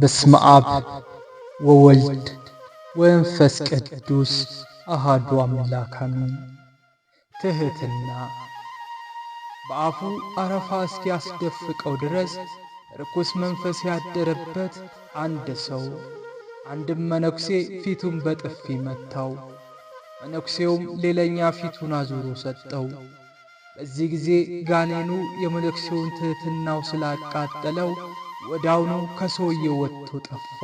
በስመ አብ ወወልድ ወመንፈስ ቅዱስ አሃዱ አምላክ አሜን። ትህትና በአፉ አረፋ እስኪያስደፍቀው ድረስ ርኩስ መንፈስ ያደረበት አንድ ሰው አንድም መነኩሴ ፊቱን በጥፊ መታው። መነኩሴውም ሌላኛ ፊቱን አዙሮ ሰጠው። በዚህ ጊዜ ጋኔኑ የመነኩሴውን ትህትናው ስላቃጠለው ወዳውኑ ከሰውየው ወጥቶ ጠፋ።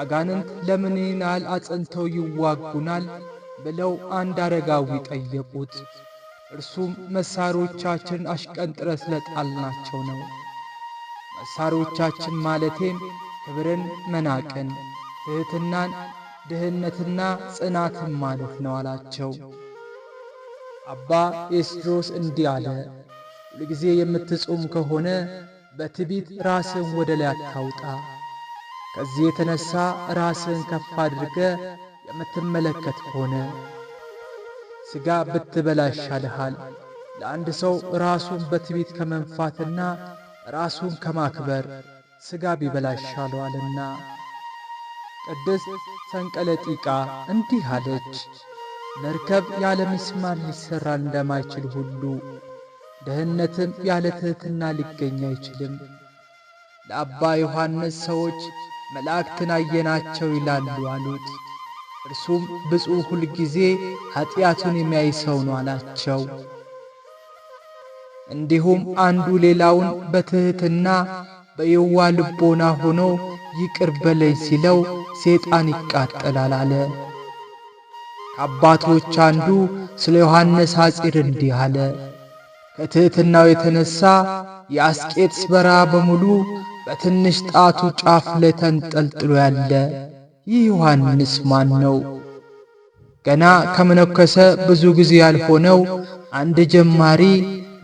አጋንንት ለምን ናል አጸንተው ይዋጉናል ብለው አንድ አረጋዊ ጠየቁት። እርሱም መሳሪዎቻችን አሽቀንጥረ ስለጣልናቸው ነው። መሳሪዎቻችን ማለቴም ክብርን መናቅን፣ ትሕትናን፣ ድህነትና ጽናትን ማለት ነው አላቸው። አባ ኤስድሮስ እንዲህ አለ፣ ሁልጊዜ የምትጾም ከሆነ በትቢት ራስን ወደ ላይ አታውጣ። ከዚህ የተነሳ ራስን ከፍ አድርገ የምትመለከት ከሆነ ሥጋ ብትበላ ይሻልሃል። ለአንድ ሰው ራሱን በትቢት ከመንፋትና ራሱን ከማክበር ሥጋ ቢበላ ይሻለዋልና። ቅድስት ሰንቀለጢቃ እንዲህ አለች፣ መርከብ ያለ ምስማር ሊሠራ እንደማይችል ሁሉ ደህነትም ያለ ትሕትና ሊገኝ አይችልም። ለአባ ዮሐንስ ሰዎች መላእክትን አየናቸው ይላሉ አሉት። እርሱም ብፁዕ ሁልጊዜ ኀጢአቱን የሚያይ ሰው ነው አላቸው። እንዲሁም አንዱ ሌላውን በትሕትና በየዋ ልቦና ሆኖ ይቅር በለኝ ሲለው ሰይጣን ይቃጠላል አለ። ከአባቶች አንዱ ስለ ዮሐንስ ሐፂር እንዲህ አለ። ከትሕትናው የተነሳ የአስቄጥስ በረሃ በሙሉ በትንሽ ጣቱ ጫፍ ላይ ተንጠልጥሎ ያለ ይህ ዮሐንስ ማን ነው? ገና ከመነኮሰ ብዙ ጊዜ ያልሆነው አንድ ጀማሪ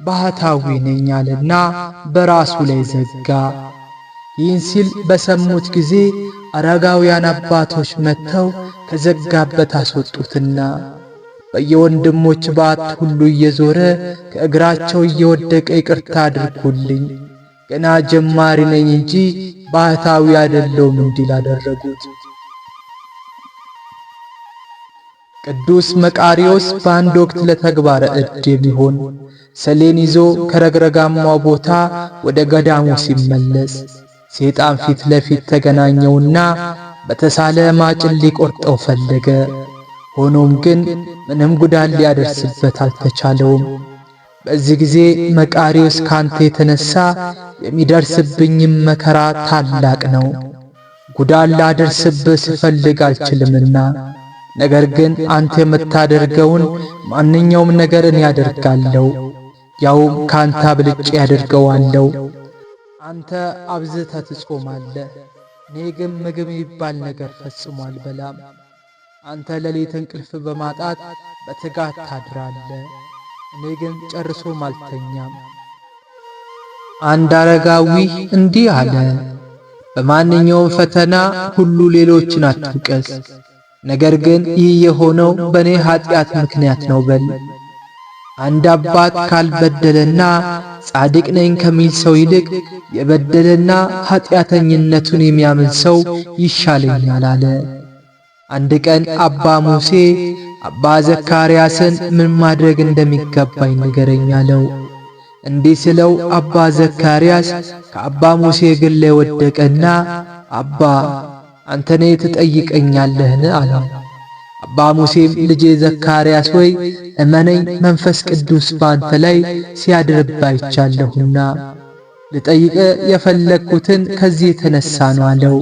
ባህታዊ ነኝ አለና በራሱ ላይ ዘጋ። ይህን ሲል በሰሙት ጊዜ አረጋውያን አባቶች መጥተው ከዘጋበት አስወጡትና በየወንድሞች ባት ሁሉ እየዞረ ከእግራቸው እየወደቀ ይቅርታ አድርጉልኝ፣ ገና ጀማሪ ነኝ እንጂ ባህታዊ አይደለሁም እንዲል አደረጉት። ቅዱስ መቃሪዎስ በአንድ ወቅት ለተግባረ ዕድ የሚሆን ሰሌን ይዞ ከረግረጋማው ቦታ ወደ ገዳሙ ሲመለስ ሰይጣን ፊት ለፊት ተገናኘውና በተሳለ ማጭን ሊቆርጠው ፈለገ። ሆኖም ግን ምንም ጉዳት ሊያደርስበት አልተቻለውም። በዚህ ጊዜ መቃሪዎስ ካንተ የተነሳ የሚደርስብኝም መከራ ታላቅ ነው። ጉዳት ላደርስብህ ስፈልግ አልችልምና፣ ነገር ግን አንተ የምታደርገውን ማንኛውም ነገር እኔ አደርጋለሁ። ያውም ካንተ ብልጭ ያደርገዋለሁ። አንተ አብዝተህ ትጾማለህ፣ እኔ ግን ምግብ የሚባል ነገር ፈጽሟል በላም አንተ ሌሊት እንቅልፍ በማጣት በትጋት ታድራለ፣ እኔ ግን ጨርሶም አልተኛም። አንድ አረጋዊ እንዲህ አለ፣ በማንኛውም ፈተና ሁሉ ሌሎችን አትውቀስ፣ ነገር ግን ይህ የሆነው በእኔ ኀጢአት ምክንያት ነው በል። አንድ አባት ካልበደለና ጻድቅ ነኝ ከሚል ሰው ይልቅ የበደለና ኀጢአተኝነቱን የሚያምን ሰው ይሻለኛል አለ። አንድ ቀን አባ ሙሴ አባ ዘካርያስን ምን ማድረግ እንደሚገባኝ ንገረኝ አለው። እንዲህ ስለው አባ ዘካርያስ ከአባ ሙሴ እግር ላይ ወደቀና አባ አንተ ነህ ትጠይቀኛለህን አለው። አባ ሙሴም ልጄ ዘካርያስ ሆይ እመነኝ፣ መንፈስ ቅዱስ ባንተ ላይ ሲያድርብ አይቻለሁና ልጠይቅ የፈለግኩትን ከዚህ የተነሳ ነው አለው።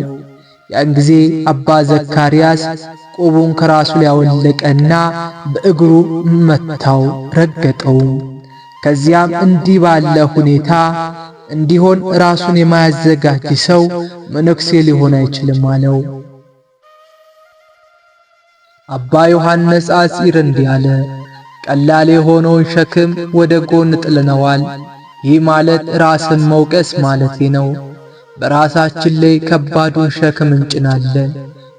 ያን ጊዜ አባ ዘካርያስ ቆቡን ከራሱ ላይ ያወለቀና በእግሩ መታው፣ ረገጠው። ከዚያም እንዲህ ባለ ሁኔታ እንዲሆን ራሱን የማያዘጋጅ ሰው መነኩሴ ሊሆን አይችልም አለው። አባ ዮሐንስ አጺር እንዲህ አለ፣ ቀላል የሆነውን ሸክም ወደ ጎን ጥለነዋል። ይህ ማለት ራስን መውቀስ ማለቴ ነው። በራሳችን ላይ ከባዱን ሸክም እንጭናለን።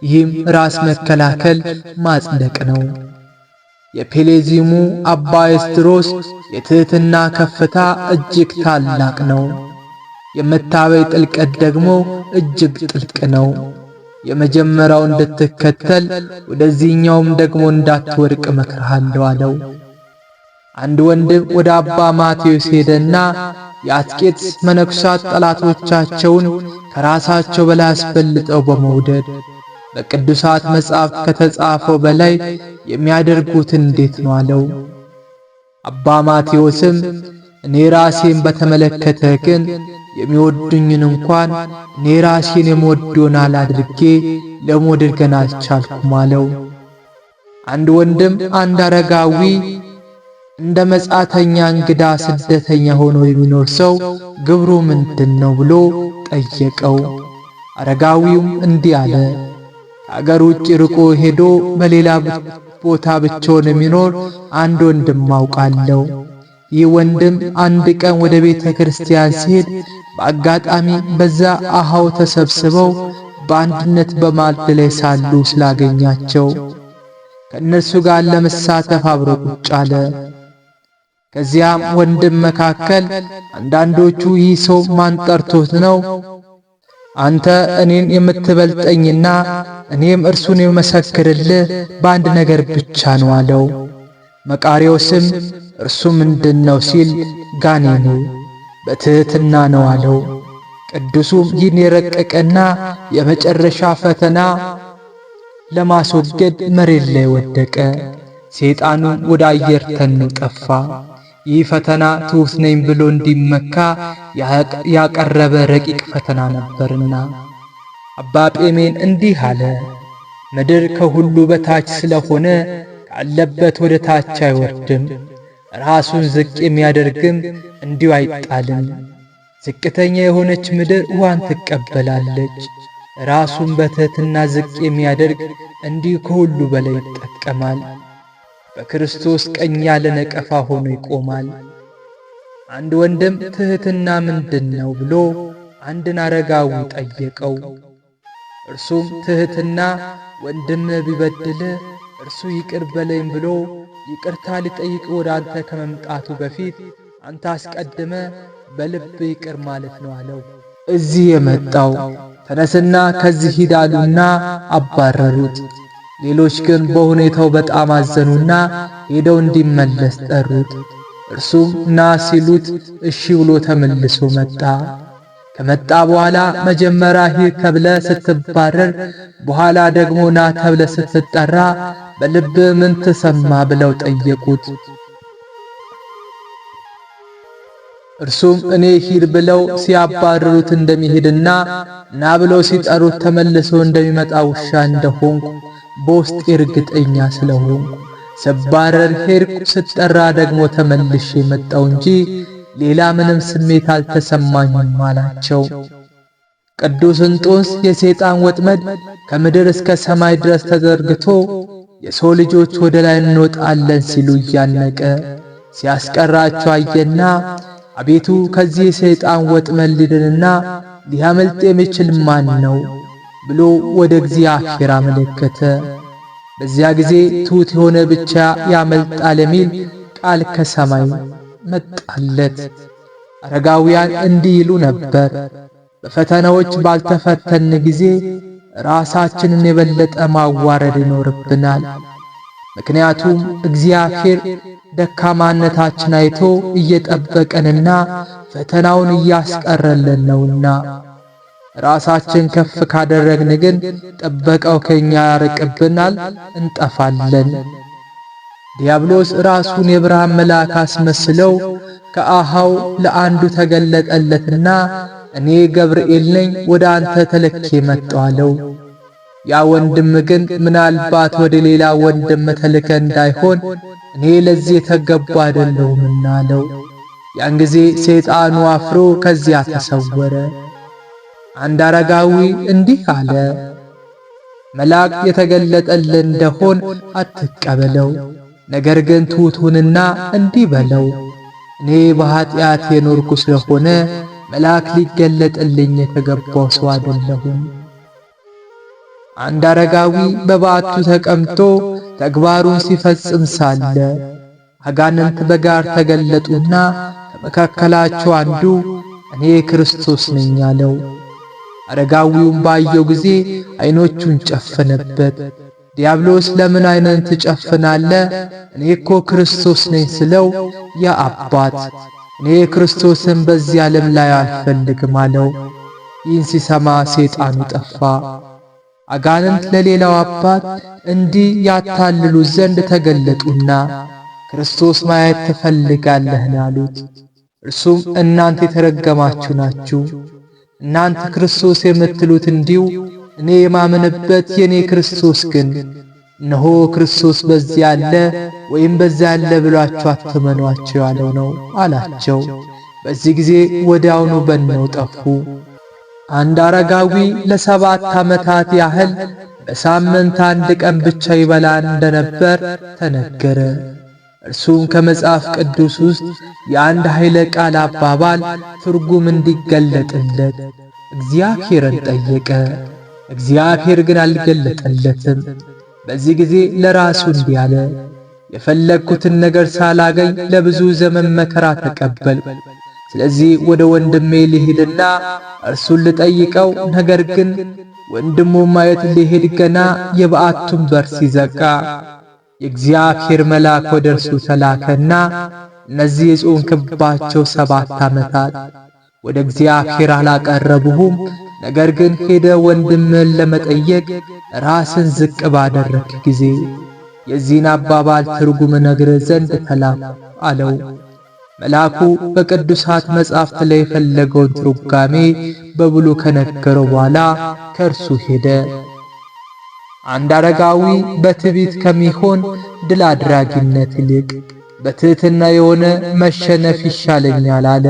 ይህም ራስ መከላከል ማጽደቅ ነው። የፔሌዚሙ አባ ኤስድሮስ የትህትና ከፍታ እጅግ ታላቅ ነው። የመታበይ ጥልቀት ደግሞ እጅግ ጥልቅ ነው። የመጀመሪያው እንድትከተል ወደዚህኛውም ደግሞ እንዳትወድቅ እመክርሃለሁ አለው። አንድ ወንድም ወደ አባ ማቴዎስ ሄደና የአትቄት መነኩሳት ጠላቶቻቸውን ከራሳቸው በላይ አስበልጠው በመውደድ በቅዱሳት መጽሐፍ ከተጻፈው በላይ የሚያደርጉት እንዴት ነው አለው። አባ ማቴዎስም እኔ ራሴን በተመለከተ ግን የሚወዱኝን እንኳን እኔ ራሴን የምወደውን አላድርጌ ለመውደድ ገና አልቻልኩም አለው። አንድ ወንድም አንድ አረጋዊ እንደ መጻተኛ እንግዳ ስደተኛ ሆኖ የሚኖር ሰው ግብሩ ምንድን ነው ብሎ ጠየቀው። አረጋዊውም እንዲህ አለ፣ ከአገር ውጭ ርቆ ሄዶ በሌላ ቦታ ብቻውን የሚኖር አንድ ወንድም አውቃለሁ። ይህ ወንድም አንድ ቀን ወደ ቤተ ክርስቲያን ሲሄድ በአጋጣሚ በዛ አሃው ተሰብስበው በአንድነት በማዕድ ላይ ሳሉ ስላገኛቸው ከእነርሱ ጋር ለመሳተፍ አብሮ ቁጭ አለ። ከዚያም ወንድም መካከል አንዳንዶቹ ይህ ሰው ማን ጠርቶት ነው? አንተ እኔን የምትበልጠኝና እኔም እርሱን የመሰክርልህ በአንድ ነገር ብቻ ነው አለው። መቃሪዎስም እርሱ ምንድን ነው ሲል ጋኔኑ በትሕትና ነው አለው። ቅዱሱም ይህን የረቀቀና የመጨረሻ ፈተና ለማስወገድ መሬት ላይ ወደቀ። ሰይጣኑ ወደ አየር ተንቀፋ። ይህ ፈተና ትሑት ነኝ ብሎ እንዲመካ ያቀረበ ረቂቅ ፈተና ነበርና አባ ጴሜን እንዲህ አለ። ምድር ከሁሉ በታች ስለሆነ ካለበት ወደ ታች አይወርድም። ራሱን ዝቅ የሚያደርግም እንዲሁ አይጣልም። ዝቅተኛ የሆነች ምድር ውሃን ትቀበላለች። ራሱን በትሕትና ዝቅ የሚያደርግ እንዲሁ ከሁሉ በላይ ይጠቀማል። በክርስቶስ ቀኝ ያለ ነቀፋ ሆኖ ይቆማል። አንድ ወንድም ትሕትና ምንድን ነው ብሎ አንድን አረጋዊ ጠየቀው። እርሱም ትሕትና ወንድም ቢበድል እርሱ ይቅር በለኝ ብሎ ይቅርታ ሊጠይቅ ወደ አንተ ከመምጣቱ በፊት አንተ አስቀድመ በልብ ይቅር ማለት ነው አለው። እዚህ የመጣው ተነስና ከዚህ ሂድ አሉና አባረሩት። ሌሎች ግን በሁኔታው በጣም አዘኑና ሄደው እንዲመለስ ጠሩት። እርሱም ና ሲሉት እሺ ብሎ ተመልሶ መጣ። ከመጣ በኋላ መጀመሪያ ሂድ ተብለ ስትባረር፣ በኋላ ደግሞ ና ተብለ ስትጠራ በልብ ምን ተሰማ ብለው ጠየቁት። እርሱም እኔ ሂድ ብለው ሲያባርሩት እንደሚሄድና ና ብለው ሲጠሩት ተመልሶ እንደሚመጣ ውሻ እንደሆንኩ በውስጤ እርግጠኛ ስለሆንኩ ስባረር ሄድኩ፣ ስጠራ ደግሞ ተመልሼ መጣው እንጂ ሌላ ምንም ስሜት አልተሰማኝም አላቸው። ቅዱስ እንጦንስ የሰይጣን ወጥመድ ከምድር እስከ ሰማይ ድረስ ተዘርግቶ የሰው ልጆች ወደ ላይ እንወጣለን ሲሉ እያነቀ ሲያስቀራቸው አየና አቤቱ ከዚህ የሰይጣን ወጥመድ መልደንና ሊያመልጥ የሚችል ማን ነው ብሎ ወደ እግዚአብሔር አመለከተ። በዚያ ጊዜ ትሑት የሆነ ብቻ ያመልጣል የሚል ቃል ከሰማይ መጣለት። አረጋውያን እንዲህ ይሉ ነበር፣ በፈተናዎች ባልተፈተን ጊዜ ራሳችንን የበለጠ ማዋረድ ይኖርብናል። ምክንያቱም እግዚአብሔር ደካማነታችን አይቶ እየጠበቀንና ፈተናውን እያስቀረልን ነውና። ራሳችን ከፍ ካደረግን ግን ጥበቃው ከኛ ያርቅብናል፣ እንጠፋለን። ዲያብሎስ ራሱን የብርሃን መልአክ አስመስለው ከአሃው ለአንዱ ተገለጠለትና እኔ ገብርኤል ነኝ ወደ አንተ ተልኬ መጣሁ አለው። ያ ወንድም ግን ምናልባት ወደ ሌላ ወንድም ተልከ እንዳይሆን እኔ ለዚህ የተገቡ አይደለሁምና አለው። ያን ጊዜ ሰይጣኑ አፍሮ ከዚያ ተሰወረ። አንድ አረጋዊ እንዲህ አለ፣ መልአክ የተገለጠልን እንደሆን አትቀበለው፣ ነገር ግን ትሑቱንና እንዲህ በለው እኔ በኀጢአት የኖርኩ ስለሆነ መልአክ ሊገለጥልኝ የተገባው ሰው አይደለሁም። አንድ አረጋዊ በባቱ ተቀምጦ ተግባሩን ሲፈጽም ሳለ አጋንንት በጋር ተገለጡና ከመካከላቸው አንዱ እኔ ክርስቶስ ነኝ አለው። አረጋዊውም ባየው ጊዜ አይኖቹን ጨፈነበት። ዲያብሎስ ለምን አይነን ትጨፍናለ? እኔ እኮ ክርስቶስ ነኝ ስለው ያ አባት እኔ ክርስቶስን በዚህ ዓለም ላይ አልፈልግም አለው። ይህን ሲሰማ ሰይጣኑ ጠፋ። አጋንንት ለሌላው አባት እንዲህ ያታልሉት ዘንድ ተገለጡና ክርስቶስ ማየት ትፈልጋለህን አሉት። እርሱም እናንተ የተረገማችሁ ናችሁ፣ እናንተ ክርስቶስ የምትሉት እንዲሁ እኔ የማምንበት የኔ ክርስቶስ ግን እነሆ ክርስቶስ በዚህ አለ ወይም በዚያ አለ ብሏችሁ አትመኗቸው ያለው ነው አላቸው። በዚህ ጊዜ ወዲያውኑ በነው ጠፉ። አንድ አረጋዊ ለሰባት ዓመታት ያህል በሳምንት አንድ ቀን ብቻ ይበላ እንደነበር ተነገረ። እርሱም ከመጽሐፍ ቅዱስ ውስጥ የአንድ ኃይለ ቃል አባባል ትርጉም እንዲገለጥለት እግዚአብሔርን ጠየቀ። እግዚአብሔር ግን አልገለጠለትም። በዚህ ጊዜ ለራሱ እንዲህ አለ፣ የፈለግኩትን ነገር ሳላገኝ ለብዙ ዘመን መከራ ተቀበል ስለዚህ ወደ ወንድሜ ልሄድና እርሱን ልጠይቀው። ነገር ግን ወንድሙ ማየት ሊሄድ ገና የበዓቱን በር ሲዘጋ የእግዚአብሔር መልአክ ወደ እርሱ ተላከና እነዚህ የጾም ክባቸው ሰባት ዓመታት ወደ እግዚአብሔር አላቀረቡሁም። ነገር ግን ሄደ ወንድምን ለመጠየቅ ራስን ዝቅ ባደረክ ጊዜ የዚህን አባባል ትርጉም ነግር ዘንድ ተላኩ አለው። መልአኩ በቅዱሳት መጻሕፍት ላይ የፈለገውን ትርጓሜ በብሉ ከነገረው በኋላ ከእርሱ ሄደ። አንድ አረጋዊ በትዕቢት ከሚሆን ድል አድራጊነት ይልቅ በትሕትና የሆነ መሸነፍ ይሻለኛል አለ።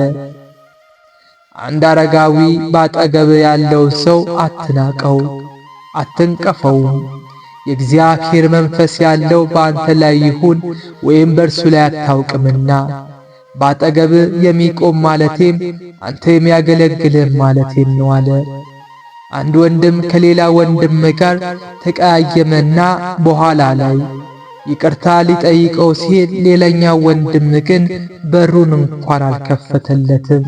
አንድ አረጋዊ ባጠገብ ያለውን ሰው አትናቀው፣ አትንቀፈውም። የእግዚአብሔር መንፈስ ያለው በአንተ ላይ ይሁን ወይም በእርሱ ላይ አታውቅምና ባጠገብ የሚቆም ማለቴም አንተ የሚያገለግልህ ማለቴም ነው አለ። አንድ ወንድም ከሌላ ወንድም ጋር ተቀያየመና በኋላ ላይ ይቅርታ ሊጠይቀው ሲሄድ ሌላኛው ወንድም ግን በሩን እንኳን አልከፈተለትም።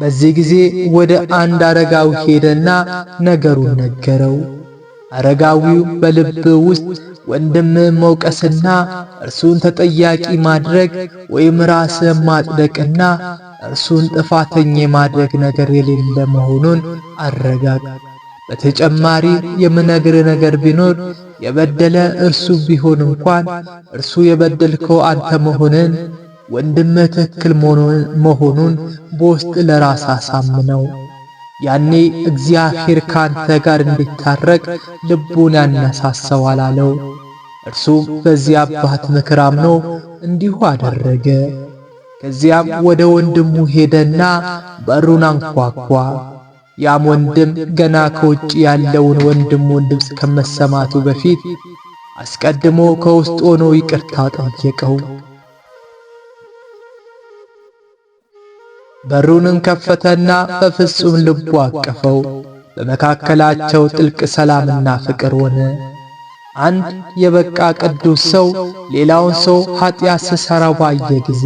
በዚህ ጊዜ ወደ አንድ አረጋዊ ሄደና ነገሩን ነገረው። አረጋዊው በልብ ውስጥ ወንድምህን መውቀስና እርሱን ተጠያቂ ማድረግ ወይም ራስህን ማጽደቅና እርሱን ጥፋተኛ የማድረግ ነገር የሌለ መሆኑን አረጋግ። በተጨማሪ የምነግር ነገር ቢኖር የበደለ እርሱ ቢሆን እንኳን እርሱ የበደልከው አንተ መሆንን ወንድምህ ትክክል መሆኑን በውስጥ ለራስ አሳምነው። ያኔ እግዚአብሔር ካንተ ጋር እንዲታረቅ ልቡን ያነሳሰዋል አለው። እርሱም በዚህ አባት ምክር አምኖ እንዲሁ አደረገ። ከዚያም ወደ ወንድሙ ሄደና በሩን አንኳኳ። ያም ወንድም ገና ከውጭ ያለውን ወንድሙን ድምፅ ከመሰማቱ በፊት አስቀድሞ ከውስጥ ሆኖ ይቅርታ ጠየቀው። በሩንም ከፈተና በፍጹም ልቡ አቀፈው። በመካከላቸው ጥልቅ ሰላምና ፍቅር ሆነ። አንድ የበቃ ቅዱስ ሰው ሌላውን ሰው ኃጢአት ስሰራ ባየ ጊዜ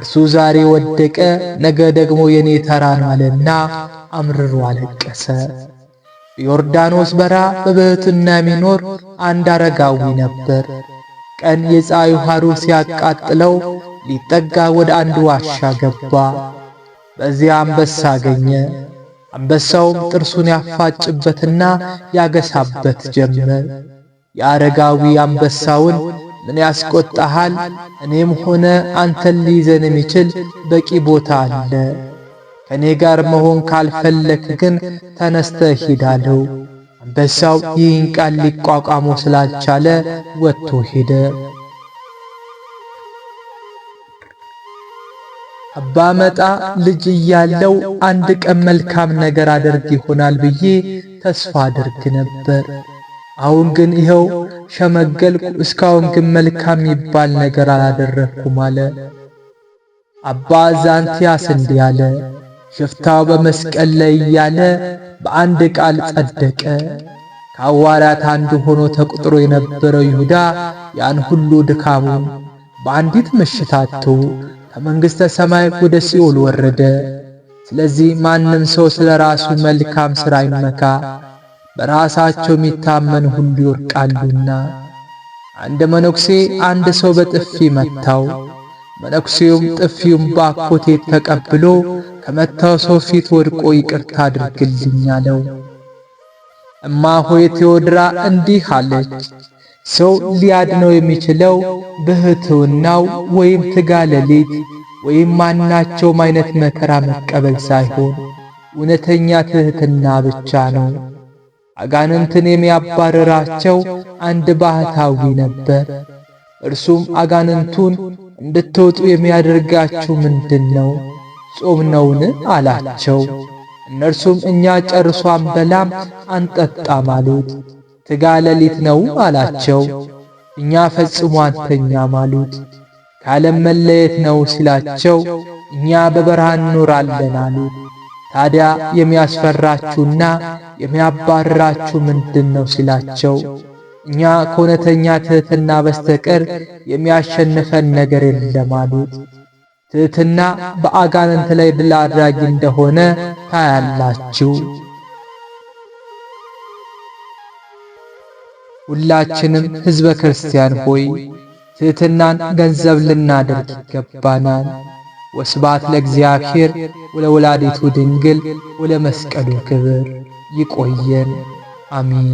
እርሱ ዛሬ ወደቀ፣ ነገ ደግሞ የኔ ተራ ነው አለና አምርሮ አለቀሰ። በዮርዳኖስ በራ በብህትና የሚኖር አንድ አረጋዊ ነበር። ቀን የፀሐይ ሐሩር ሲያቃጥለው ሊጠጋ ወደ አንድ ዋሻ ገባ። በዚያ አንበሳ አገኘ። አንበሳውም ጥርሱን ያፋጭበትና ያገሳበት ጀመር። የአረጋዊ አንበሳውን ምን ያስቆጣሃል? እኔም ሆነ አንተን ሊይዘን የሚችል በቂ ቦታ አለ። ከእኔ ጋር መሆን ካልፈለክ ግን ተነስተ ሂዳለው። አንበሳው ይህን ቃል ሊቋቋሞ ስላልቻለ ወጥቶ ሄደ። አባመጣ ልጅ እያለው አንድ ቀን መልካም ነገር አደርግ ይሆናል ብዬ ተስፋ አድርግ ነበር። አሁን ግን ይኸው ሸመገልኩ፣ እስካሁን ግን መልካም የሚባል ነገር አላደረግኩም አለ። አባ ዛንቲያስ እንዲህ አለ፣ ሽፍታው በመስቀል ላይ እያለ በአንድ ቃል ጸደቀ። ከሐዋርያት አንዱ ሆኖ ተቆጥሮ የነበረው ይሁዳ ያን ሁሉ ድካሙን በአንዲት ምሽት አጥቶ ከመንግሥተ ሰማይ ወደ ሲኦል ወረደ። ስለዚህ ማንም ሰው ስለ ራሱ መልካም ሥራ ይመካ በራሳቸው የሚታመን ሁሉ ይወርቃሉና። አንድ መነኩሴ አንድ ሰው በጥፊ መታው። መነኩሴውም ጥፊውን ባኮቴ ተቀብሎ ከመታው ሰው ፊት ወድቆ ይቅርታ አድርግልኝ አለው። ሆይ ቴዎድራ እንዲህ አለች፣ ሰው ሊያድነው የሚችለው በህትውናው ወይም ትጋለሊት ወይም ማናቸውም አይነት መከራ መቀበል ሳይሆን እውነተኛ ትህትና ብቻ ነው። አጋንንትን የሚያባረራቸው አንድ ባህታዊ ነበር። እርሱም አጋንንቱን እንድትወጡ የሚያደርጋችሁ ምንድን ነው? ጾም ነውን? አላቸው። እነርሱም እኛ ጨርሶ አንበላም አንጠጣም አሉት። ትጋ ሌሊት ነው አላቸው። እኛ ፈጽሞ አንተኛም አሉት። ካለ መለየት ነው ሲላቸው እኛ በበረሃ እንኖራለን አሉት። ታዲያ የሚያስፈራችሁና የሚያባርራችሁ ምንድን ነው ሲላቸው እኛ ከእውነተኛ ትሕትና በስተቀር የሚያሸንፈን ነገር የለም አሉት። ትሕትና በአጋንንት ላይ ድል አድራጊ እንደሆነ ታያላችሁ። ሁላችንም ሕዝበ ክርስቲያን ሆይ ትሕትናን ገንዘብ ልናደርግ ይገባናል። ወስባት ለእግዚአብሔር ወለወላዲቱ ድንግል ወለመስቀሉ ክብር። ይቆየን። አሚን።